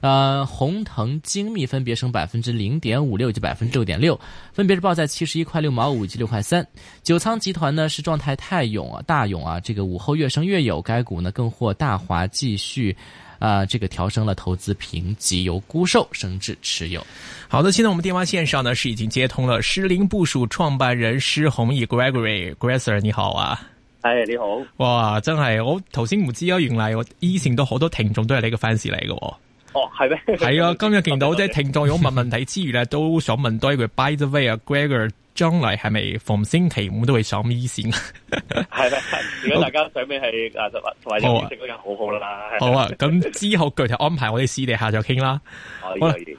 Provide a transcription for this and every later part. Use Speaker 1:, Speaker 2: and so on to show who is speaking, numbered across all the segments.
Speaker 1: 呃，紅騰精密分別升百分之零點五六及百分之六點六，分別是報在七十一塊六毛五及六塊三。九倉集團呢是狀態太勇啊，大勇啊，這個午後越升越有，該股呢更獲大華繼續啊、呃、這個調升了投資評級，由沽售升至持有。好的，現在我們電話線上呢是已經接通了，失靈部署創辦
Speaker 2: 人施宏毅 （Gregory g r e s s e r 你好啊。哎，你好。哇，真係我、哦、頭先唔知啊，原來我一線都好多聽眾都係呢個 fans 嚟嘅。哦哦，係 咩樂？係啊， 今日見到即係聽眾有問問題之餘咧，都想問多一句。 By the way，Gregor 將來係咪逢星期五都會上咪線？係啦， 如
Speaker 3: 果大家想咩係阿同埋有認識嗰人，好好啦。好啊，
Speaker 2: 咁、 啊、之後具體安排我哋私底下再傾啦。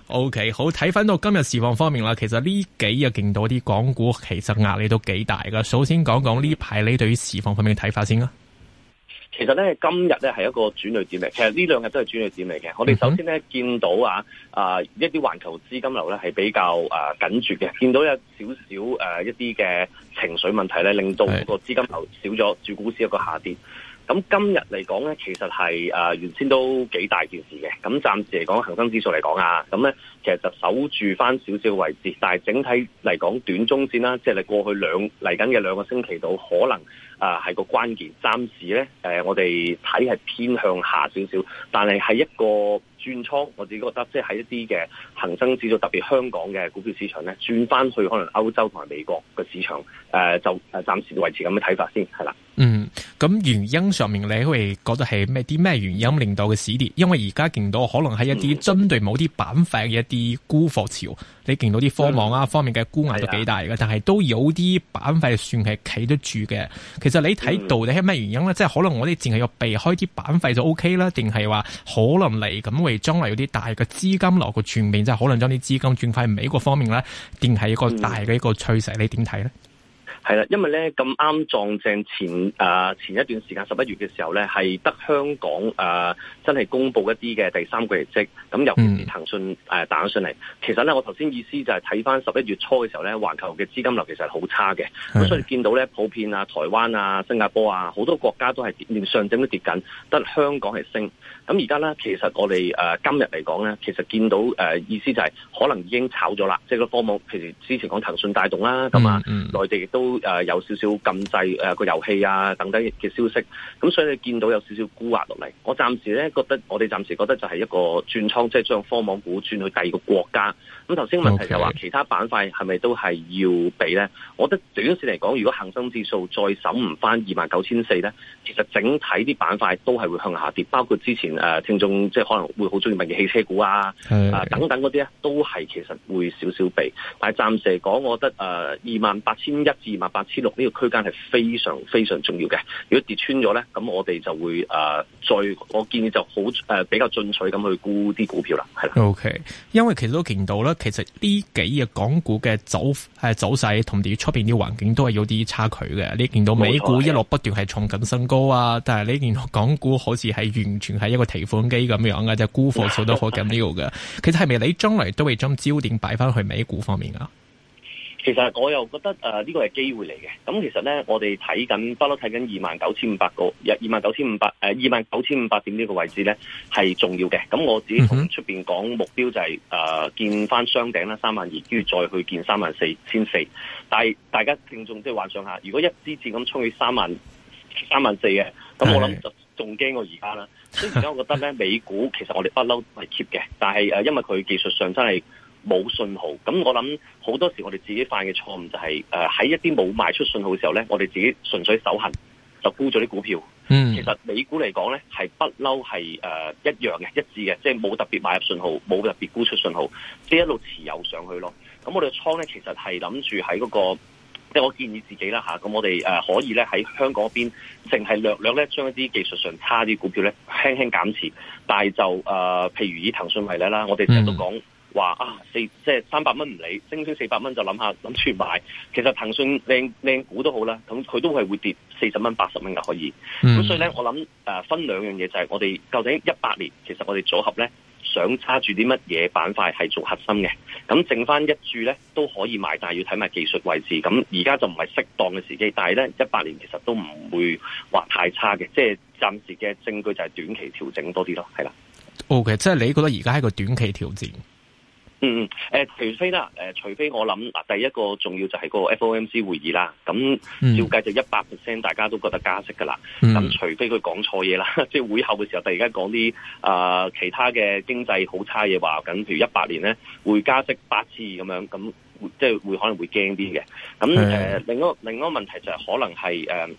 Speaker 2: OK 好睇翻、 哦 OK, 到今日市況方面啦。其實呢幾日見到啲港股其實壓力都幾大噶。首先講講呢排你對於市況方面嘅睇法先啦、啊。
Speaker 3: 其實咧今日咧係一個轉捩點嚟，其實呢兩日都係轉捩點嚟嘅。我哋首先咧見到啊、啊、呃、一啲環球資金流咧係比較啊緊絀嘅，見到有少少誒、呃、一啲嘅情緒問題咧，令到個資金流少咗，主股市一個下跌。咁今日嚟講咧，其實係誒、呃、原先都幾大件事嘅。咁暫時嚟講，恒生指數嚟講啊，咁咧其實就守住翻少少嘅位置，但係整體嚟講，短中線啦，即係你過去兩嚟緊嘅兩個星期度，可能。啊，係個關鍵，暫時咧，誒，我哋睇係偏向下少少，但係喺一個轉倉，我自己覺得，即係喺一啲嘅恒生指數，特別香港嘅股票市場咧，轉翻去可能歐洲同埋美國嘅市場，誒，就誒，暫時維持咁嘅睇法先，係啦。
Speaker 2: 嗯，咁原因上面你會覺得係咩啲咩原因令到嘅市跌？因為而家見到可能係一啲針對某啲板塊嘅一啲沽貨潮，你見到啲科網啊方面嘅沽壓都幾大嘅，但係都有啲板塊算係企得住嘅。其實你睇到，到底係咩原因咧？即係可能我哋淨係要避開啲板塊就 O K 啦，定係話可能嚟咁會將來有啲大嘅資金流去轉變，即係可能將啲資金轉翻美國方面咧，定係一個大嘅一個趨勢？你點睇咧？
Speaker 3: 係啦，因為咧，咁啱撞正前啊、呃、前一段時間十一月嘅時候咧，係得香港啊、呃、真係公布一啲嘅第三個業績。咁尤其是騰訊誒打咗上嚟，其實咧，我頭先意思就係睇翻十一月初嘅時候咧，環球嘅資金流其實係好差嘅。咁所以見到咧，普遍啊、台灣啊、新加坡啊，好多國家都係連上證都跌緊，得香港係升。咁而家咧，其實我哋誒、呃、今日嚟講咧，其實見到誒、呃、意思就係可能已經炒咗啦，即係個科網。譬如之前講騰訊帶動啦，咁啊，內地亦都誒有少少禁制誒個、呃、遊戲啊等等嘅消息。咁所以你見到有少少沽壓落嚟。我暫時咧覺得，我哋暫時覺得就係一個轉倉，即、就、係、是、將科網股轉去第二個國家。咁頭先問題就話、okay. 其他板塊係咪都係要避咧？我覺得短時嚟講，如果恒生指數再守唔翻二萬九千四咧，其實整體啲板塊都係會向下跌，包括之前呢。誒，聽眾即係可能會好中意問嘅汽車股啊，啊等等嗰啲咧，都係其實會少少避。但係暫時嚟講，我覺得誒二萬八千一至二萬八千六呢個區間係非常非常重要嘅。如果跌穿咗咧，咁我哋就會誒再、呃，我建議就好誒、呃、比較進取咁去沽啲股票啦。係啦。OK，
Speaker 2: 因為其實都見到咧，其實呢幾日港股嘅走走勢同啲出面啲環境都係有啲差距嘅。你見到美股一路不斷係創緊新高啊，但係你見到港股好似係完全係一個。提款機咁樣嘅，即係沽貨數都好緊要嘅。 其實係咪你將來都會將焦點擺翻去美股方面啊？
Speaker 3: 其實我又覺得誒呢個係機會嚟嘅。咁其實咧，我哋睇緊不嬲睇緊二萬九千五百個，二萬九千五百誒二萬九千五百點呢個位置咧係重要嘅。咁我只從出邊講目標就係誒見翻雙頂啦，三萬二，跟住再去見三萬四千四。但係大家聽眾即係幻想下，如果一支箭咁衝去三萬三萬四嘅，咁我諗就。仲 驚過而家啦，所以而家我覺得咧，美股其實我哋不嬲都係 keep 嘅，但係誒，因為佢技術上真係冇信號，咁我諗好多時我哋自己犯嘅錯誤就係誒喺一啲冇賣出信號嘅時候咧，我哋自己純粹手痕就沽咗啲股票。嗯， 其實美股嚟講咧係不嬲係誒一樣嘅一致嘅，即係冇特別買入信號，冇特別沽出信號，即係一路持有上去咯。咁我哋嘅倉咧其實係諗住喺嗰個。即係我建議自己啦嚇，咁我哋誒可以咧喺香港嗰邊，淨係略略咧將一啲技術上差啲股票咧輕輕減持，但係就誒、呃，譬如以騰訊為例啦，我哋成日都講話啊，四即係三百蚊唔理，升穿四百蚊就諗下諗住買。其實騰訊靚靚股都好啦，咁佢都係會跌四十蚊、八十蚊就可以。咁、嗯、所以咧，我諗誒分兩樣嘢就係、是、我哋究竟一百年其實我哋組合咧。想揸住啲乜嘢板塊係做核心嘅，咁剩翻一注呢都可以買，但係要睇埋技術位置。咁而家就唔係適當嘅時機，但係呢一八年其實都唔會話太差嘅，即係暫時嘅證據就係短期調整多啲咯，係
Speaker 2: 啦。OK，即係你覺得而家係個短期調整。
Speaker 3: 嗯嗯，誒、呃，除非啦，誒、呃，除非我諗嗱，第一個重要就係個 FOMC 會議啦，咁照計就一百 percent，大家都覺得加息噶啦。咁、嗯、除非佢講錯嘢啦，嗯、即係會後嘅時候家，突然間講啲啊其他嘅經濟好差嘢話緊，譬如一百年咧會加息八次咁樣，咁即係會可能會驚啲嘅。咁誒、嗯呃，另一個另一個問題就係可能係誒。呃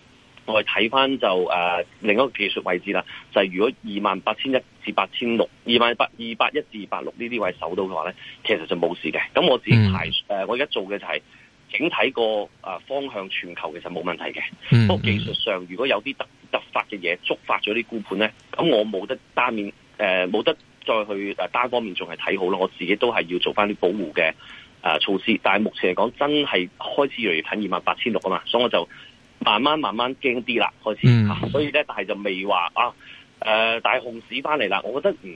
Speaker 3: 我哋睇翻就誒、呃，另一個技術位置啦，就係、是、如果二萬八千一至八千六，二萬八二八一至八六呢啲位守到嘅話咧，其實就冇事嘅。咁我自己排誒、嗯呃，我而家做嘅就係、是、整體個誒、呃、方向全球其實冇問題嘅。不、嗯、過技術上如果有啲突突發嘅嘢觸發咗啲沽盤咧，咁我冇得單面誒冇、呃、得再去單方面仲係睇好啦。我自己都係要做翻啲保護嘅誒措施。但係目前嚟講，真係開始要嚟睇二萬八千六啊嘛，所以我就。慢慢慢慢驚啲啦，開始吓、嗯啊，所以咧，但係就未話啊，誒、呃、大熊市翻嚟啦，我覺得唔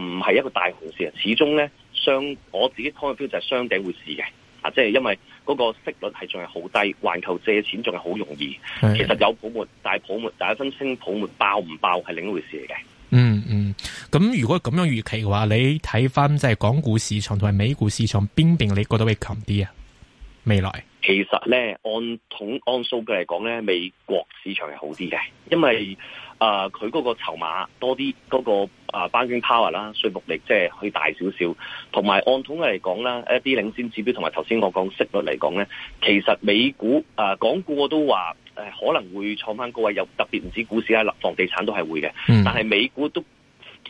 Speaker 3: 唔係一個大熊市啊，始終咧雙我自己 target 就係雙頂回事嘅，啊，即、就、係、是、因為嗰個息率係仲係好低，環球借錢仲係好容易，其實有泡沫，但係泡沫，大家分清泡沫爆唔爆係另一回事嚟嘅。嗯
Speaker 2: 嗯，咁如果咁樣預期嘅話，你睇翻即係港股市場同埋美股市場邊邊你覺得會強啲啊？未來？
Speaker 3: 其實咧，按統按數據嚟講咧，美國市場係好啲嘅，因為誒佢嗰個籌碼多啲，嗰、那個誒 buying power 啦，說服力即係去大少少，同埋按統計嚟講啦，一啲領先指標同埋頭先我講息率嚟講咧，其實美股誒港股我都話誒可能會創翻高位，有特別唔止股市啦，樓房地產都係會嘅、嗯，但係美股都。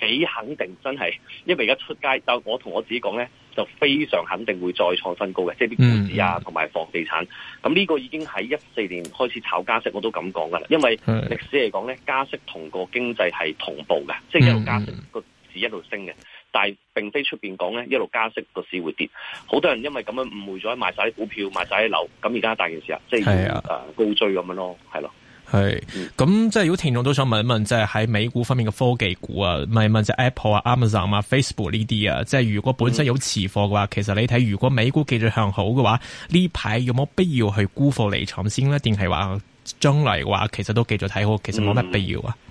Speaker 3: 幾肯定真係，因為而家出街，但我同我自己講呢，就非常肯定會再創新高嘅，即係啲股市啊，同埋房地產。咁呢個已經喺一四年開始炒加息，我都咁講噶啦。因為歷史嚟講呢，加息同個經濟係同步嘅，即係一路加息個、嗯、市一路升嘅。但係並非出邊講呢，一路加息個市會跌。好多人因為咁樣誤會咗，賣晒啲股票，賣晒啲樓。咁而家大件事啊，即係啊高追咁樣咯，係咯。
Speaker 2: 係，咁即係如果聽眾都想問一問，即係喺美股方面嘅科技股啊，問一問就 Apple 啊、Amazon 啊、Facebook 呢啲啊，即係如果本身有持貨嘅話，其實你睇如果美股繼續向好嘅話，呢排有冇必要去沽貨離場先咧？定係話將來嘅話，其實都繼續睇好，其實冇乜必要啊。嗯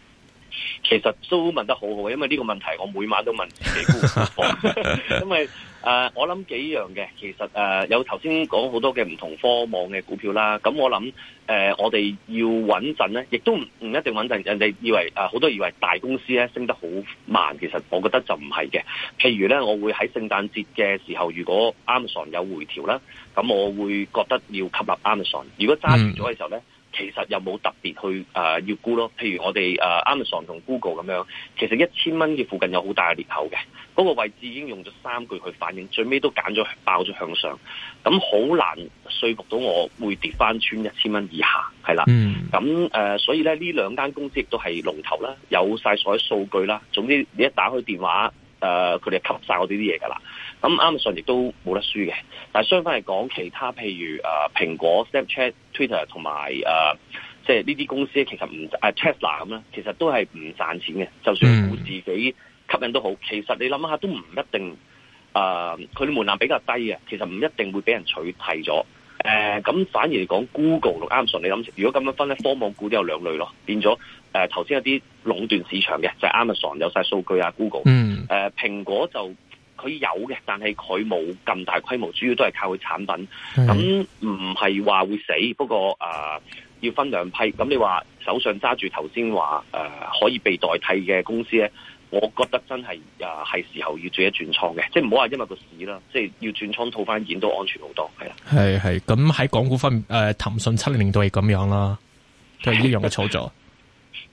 Speaker 3: 其實都問得好好，因為呢個問題我每晚都問自己股票。 因為誒、呃，我諗幾樣嘅，其實誒、呃、有頭先講好多嘅唔同科網嘅股票啦。咁我諗誒、呃，我哋要穩陣咧，亦都唔唔一定穩陣。人哋以為誒、呃、好多以為大公司咧升得好慢，其實我覺得就唔係嘅。譬如咧，我會喺聖誕節嘅時候，如果 Amazon 有回調啦，咁我會覺得要吸納 Amazon。如果揸住咗嘅時候咧。嗯其實又冇特別去誒、呃、要估咯，譬如我哋誒、呃、Amazon 同 Google 咁樣，其實一千蚊嘅附近有好大嘅裂口嘅，嗰、那個位置已經用咗三句去反應，最尾都揀咗爆咗向上，咁好難說服到我會跌返穿一千蚊以下，係啦，咁、嗯、誒、嗯呃，所以咧呢兩間公司亦都係龍頭啦，有晒所有數據啦，總之你一打開電話。誒佢哋吸晒我呢啲嘢㗎啦，咁、嗯、Amazon 亦都冇得輸嘅。但係相反嚟講其他，譬如誒、啊、蘋果、Snapchat Twitter,、Twitter 同埋誒，即係呢啲公司其實唔誒 Tesla 咁啦，其實,不、啊、Tesla, 其實都係唔賺錢嘅、嗯。就算佢自己吸引都好，其實你諗下都唔一定誒，佢、啊、門檻比較低嘅，其實唔一定會俾人取替咗。誒、呃、咁反而嚟講 Google 同 Amazon，你諗，如果咁樣分咧，科網股都有兩類咯，變咗。誒、呃，頭先有啲壟斷市場嘅，就是，Amazon 有晒數據啊，Google，誒、嗯呃，蘋果就佢有嘅，但係佢冇咁大規模，主要都係靠佢產品。咁唔係話會死，不過啊、呃，要分兩批。咁、嗯、你話手上揸住頭先話誒可以被代替嘅公司咧，我覺得真係啊，係、呃、時候要做一轉倉嘅，即係唔好話因為個市啦，即係要轉倉套翻件都安全好多嘅。
Speaker 2: 係係，咁喺港股方面、呃，騰騰訊七年都係咁樣啦，就係一樣嘅操作。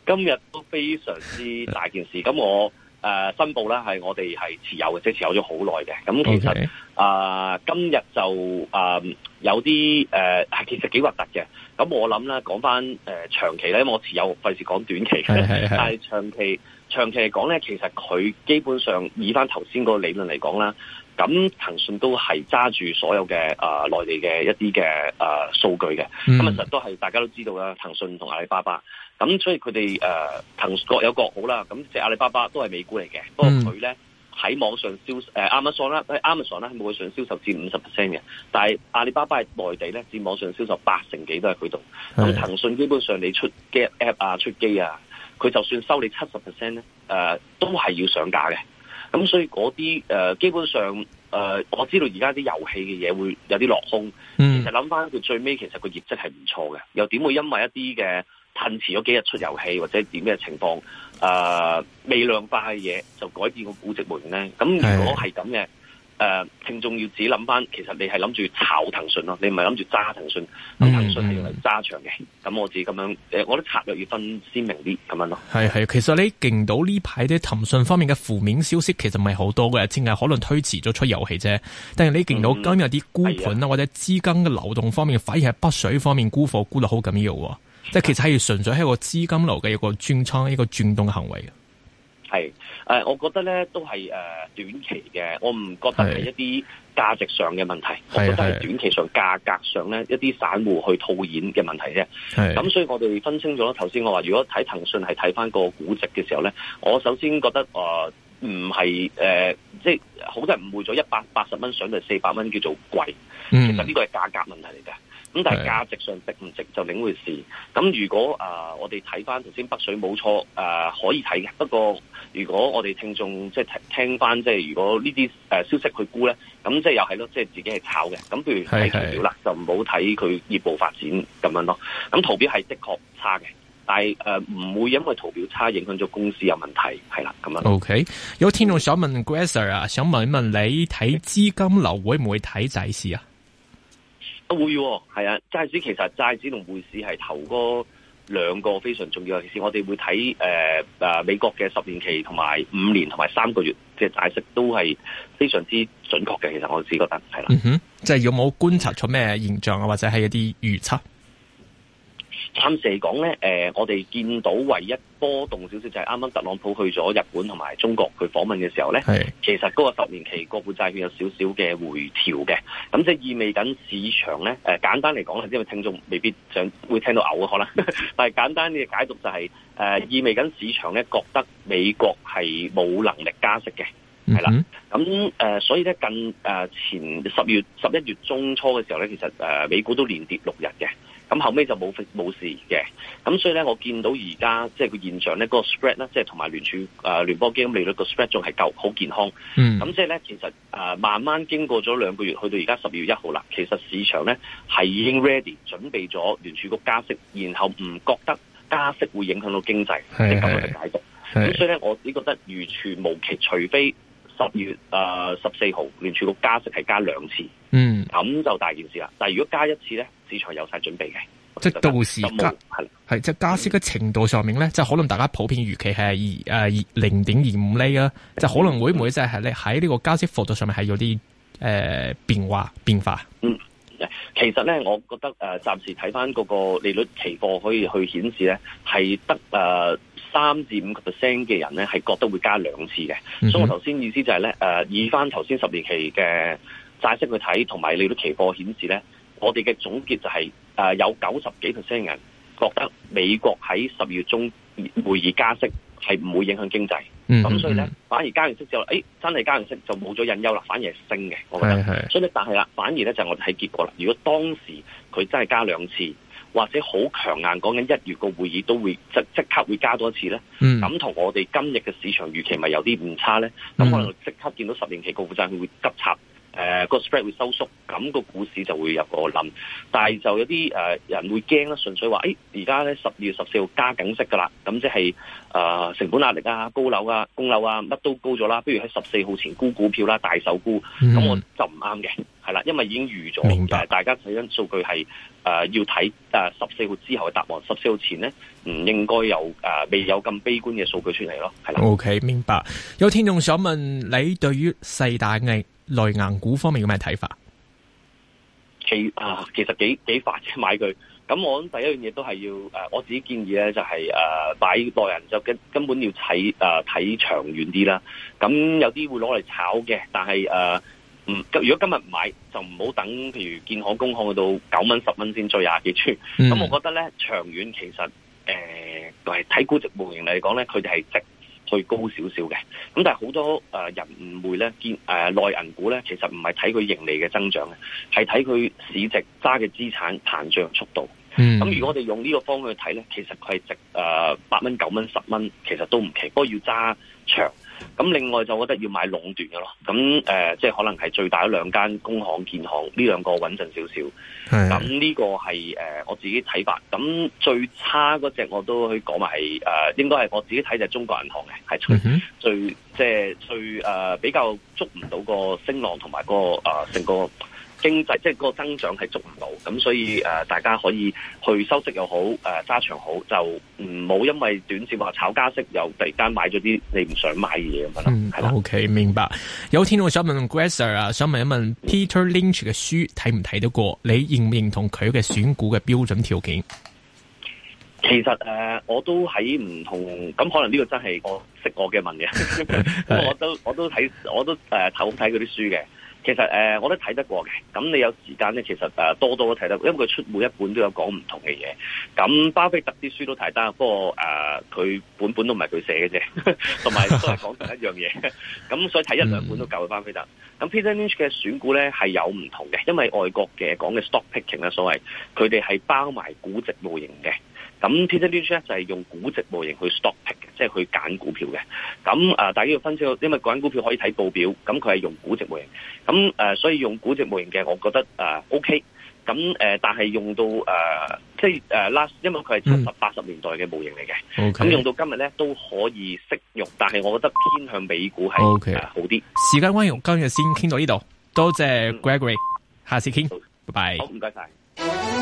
Speaker 3: 今日都非常之大件事，咁我誒、呃、申報咧係我哋係持有嘅，即持有咗好耐嘅。咁其實啊、okay. 呃，今日就啊、呃、有啲誒係其實幾核突嘅。咁我諗咧，講翻誒長期咧，因為我持有費事講短期。 但係長期長期嚟講咧，其實佢基本上以翻頭先個理論嚟講啦，咁騰訊都係揸住所有嘅誒內地嘅一啲嘅誒數據嘅。咁啊，其實都係大家都知道啦，騰訊同阿里巴巴。咁所以佢哋誒，騰訊各有各好啦。咁即係阿里巴巴都係美股嚟嘅，嗯，不過佢咧喺網上銷誒、呃、Amazon 啦，啊，喺 Amazon 啦喺網上銷售至五十 percent 嘅。但係阿里巴巴係內地咧，至網上銷售八成幾都係佢度。咁騰訊基本上你出嘅 App 啊，出機啊，佢就算收你七十 percent 咧，誒、呃、都係要上架嘅。咁所以嗰啲誒，基本上誒、呃，我知道而家啲遊戲嘅嘢會有啲落空。其實諗翻佢最尾，其實個業績係唔錯嘅，又點會因為一啲嘅？推遲咗幾日出遊戲或者點嘅情況，誒、呃、未量化嘅嘢就改變個估值模型。咁如果係咁嘅，誒、呃、聽眾要自己諗翻，其實你係諗住炒騰訊咯，你唔係諗住揸騰訊。
Speaker 2: 咁騰
Speaker 3: 訊係用嚟揸場嘅。咁、嗯嗯、我自己咁樣，誒我覺得策略要分鮮明啲咁樣咯。係
Speaker 2: 係，其實你勁到呢排啲騰訊方面嘅負面消息，其實唔係好多嘅，淨係可能推遲咗出遊戲啫。但係你勁到今日啲沽盤啦，或者資金嘅流動方面，反而係北水方面沽貨沽得好緊要。即係其實係純粹係一個資金流嘅一個轉倉、一個轉動行為
Speaker 3: 嘅。係、呃、誒，我覺得咧都係誒、呃、短期嘅，我唔覺得係一啲價值上嘅問題，我覺得係短期上價格上咧一啲散戶去套現嘅問題啫。係咁，那所以我哋分清咗。頭先我話如果睇騰訊係睇翻個估值嘅時候咧，我首先覺得誒唔係誒，即係好多人誤會咗一百八十蚊上到四百蚊叫做貴、嗯，
Speaker 1: 其實呢
Speaker 3: 個係價格問題嚟嘅。咁但係價值上值唔值就另一回事。咁如果啊、呃，我哋睇翻頭先北水冇錯，誒、呃、可以睇嘅。不過如果我哋聽眾即係聽翻，即係如果呢啲誒消息去估咧，咁即係又係咯，即係自己係炒嘅。咁譬如睇圖表啦，是是就唔好睇佢業務發展咁樣咯。咁圖表係的確差嘅，但係誒唔會因為圖表差影響咗公司有問題，係啦咁樣。
Speaker 2: OK，有聽眾想問 Grazer 啊，想問問你睇資金流會唔會睇債市啊？
Speaker 3: 會㗎，係啊，債市，其實債市同匯市係頭嗰兩個非常重要。其實我哋會睇誒，啊、呃，美國嘅十年期同埋五年同埋三個月嘅債息都係非常之準確嘅。其實我自己覺得係啦，即
Speaker 2: 係、嗯就是、有冇觀察出咩現象啊，或者係一啲預測？
Speaker 3: 暫時嚟講咧，誒，我哋見到唯一波動少少就係啱啱特朗普去咗日本同埋中國去訪問嘅時候咧，其實嗰個十年期國庫債券有少少嘅回調嘅，咁即係意味緊市場咧，誒，簡單嚟講係因為聽眾未必想會聽到嘔啊，可能， 但係簡單嘅解讀就係、誒、意味緊市場咧覺得美國係冇能力加息嘅，係、嗯、啦，咁誒，所以咧近前十月十一月中初嘅時候咧，其實美股都連跌六日嘅。咁後尾就冇冇事嘅，咁所以咧，我見到而家即係佢現象咧，個 spread 咧，即係同埋聯儲啊聯邦基金利率個 spread 仲係夠好健康，咁、嗯、即係咧，其實慢慢經過咗兩個月，去到而家十二月一號啦，其實市場咧係已經 ready 準備咗聯儲局加息，然後唔覺得加息會影響到經濟，即係咁樣嘅解讀，咁所以咧，我只覺得如出無期，除非。十月誒十四號聯儲局加息係加兩次，嗯，咁就大件事啦。但係如果加一次咧，市場有晒準備嘅，即係都
Speaker 2: 會係係即係加息嘅程度上面咧，即、嗯、係可能大家普遍預期係二誒零點二五厘啦、啊，即係可能會唔會即係喺喺呢個加息幅度上面係有啲誒、呃、變化變化？嗯，
Speaker 3: 其實咧，我覺得誒暫、呃、時睇翻嗰個利率期貨可以去顯示咧係得誒。呃三至五個 percent 嘅人咧，係覺得會加兩次嘅，所以我頭先意思就係、是、咧，誒、呃，以翻頭先十年期嘅債息去睇，同埋利率期貨顯示咧，我哋嘅總結就係、是、誒、呃、有九十幾 percent 人覺得美國喺十二月中會議加息係唔會影響經濟，
Speaker 1: 咁所以咧
Speaker 3: 反而加完息之後，誒、哎、真係加完息就冇咗隱憂啦，反而係升嘅，我覺得。是是所以咧，但係啦，反而咧就我哋睇結果啦。如果當時佢真係加兩次，或者好強硬講緊一月個會議都會即即刻會加多一次咧，咁、嗯、同我哋今日嘅市場預期咪有啲唔差咧。咁可能即刻見到十年期國債會急插。誒、呃，個 spread 會收縮，咁個股市就會入個冧。但係就有啲誒、呃、人會驚啦，純粹話，誒而家咧十二月十四號加緊息噶啦，咁即係誒成本壓力啊、高樓啊、供樓啊，乜都高咗啦，不如喺十四號前沽股票啦、啊、大手沽，咁、嗯、我就唔啱嘅，係啦，因為已經預咗，明白，大家睇緊數據係誒、呃、要睇誒十四號之後嘅答案，十四號前咧唔應該有誒、呃、未有咁悲觀嘅數據出嚟咯，係啦。OK，
Speaker 2: 明白。有聽眾想問你對於四大藝？內銀股方面有咩睇法？
Speaker 3: 其啊，其實幾幾快啫。買佢。咁，我諗第一樣嘢都係要誒，我自己建議咧就係、是、誒，擺耐人就根根本要睇誒，睇長遠啲啦。咁有啲會攞嚟炒嘅，但係誒、呃，如果今日唔買就唔好等，譬如建行、工行去到九蚊、十蚊先追廿幾寸。咁我覺得咧，長遠其實誒、係、呃、睇估值模型嚟講咧，佢哋係值。去高少少嘅，咁但係好多誒人誤會咧，見誒內銀股咧，其實唔係睇佢盈利嘅增長嘅，係睇佢市值揸嘅資產膨脹速度。咁如果我哋用呢個方法去睇咧，其實佢係值誒八蚊、九蚊、十蚊，其實都唔奇，不過要揸長。咁另外就覺得要買壟斷嘅咯，咁、呃、誒，即係可能係最大兩兩間工行、建行呢兩個穩陣少少，咁呢個係誒、呃、我自己睇法。咁最差嗰隻我都去講埋係誒，應該係我自己睇就中國銀行嘅，係、嗯、最即最即係最誒比較捉唔到個升浪同埋個誒成個。呃經濟即係個增長係捉唔到，咁所以誒大家可以去收息又好，誒揸長好，就唔好因為短線話炒加息，又突然間買咗啲你唔想買嘅嘢，咁樣啦。
Speaker 2: 嗯，係啦。O、okay, K，明白。有天我想問 Gresser 啊，想問一問 Peter Lynch 嘅書睇唔睇得過？你認唔認同佢嘅選股嘅標準條件？
Speaker 3: 其實誒、呃，我都喺唔同，咁、嗯、可能呢個真係我識我嘅問嘅，我都我都睇，我都誒睇嗰啲書嘅。其實誒、呃，我都睇得過嘅，咁你有時間咧，其實誒、呃、多，多都睇得過，因為佢出每一本都有講唔同嘅嘢。咁巴菲特啲書都睇得，不過誒佢、呃、本本都唔係佢寫嘅啫，同埋都係講同一樣嘢。咁 所以睇一兩本都夠、嗯、巴菲特。咁 Peter Lynch 嘅選股咧係有唔同嘅，因為外國嘅講嘅 stock picking 啦，所謂佢哋係包埋估值模型嘅。咁 Peter Lynch 就係、是、用估值模型去 stock pick，即係去揀股票嘅。咁、呃、大家要分析，因為揀股票可以睇報表，咁佢係用估值模型。咁誒、呃，所以用估值模型嘅，我覺得誒、呃、OK。咁誒、呃，但係用到誒，即係誒 last，因為佢係七十八十年代嘅模型嚟嘅。咁、嗯 okay. 用到今日咧，都可以適用，但係我覺得偏向美股係、okay. 呃、好啲。
Speaker 2: 時間關係，今日先傾到呢度，多謝 Gregory，嗯、下次傾，拜拜。好，唔該晒。